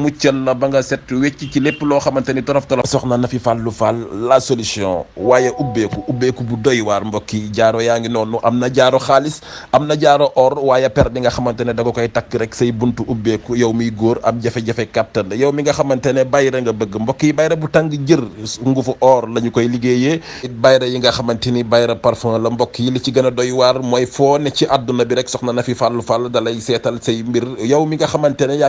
muccal la ba nga set wecc ci lépp loo xamante ni torof torof soxna na fi fàllu fàll la solution waaye ubbeeku ubbeeku bu doy waar mbokki jaaro yaa ngi noonu am na jaaro xaalis am na jaaro or waaye per bi nga xamante ne da nga koy takk rek say buntu ubbeeku yow miy góor am jafe-jafe kàttan yow mi nga xamante ne bayra nga bëgg mbokk yi bayra bu tàng jër ngufu or la koy liggéeyee bayra yi nga xamante ni bayra parfum la mbokk yi li ci gën a doy waar mooy foo ne ci àdduna bi rek soxna na fi fàllu fàll dalay seetal say mbir yow mi nga xamante ne yaa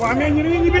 waa mais ñu ne ñu ñibbi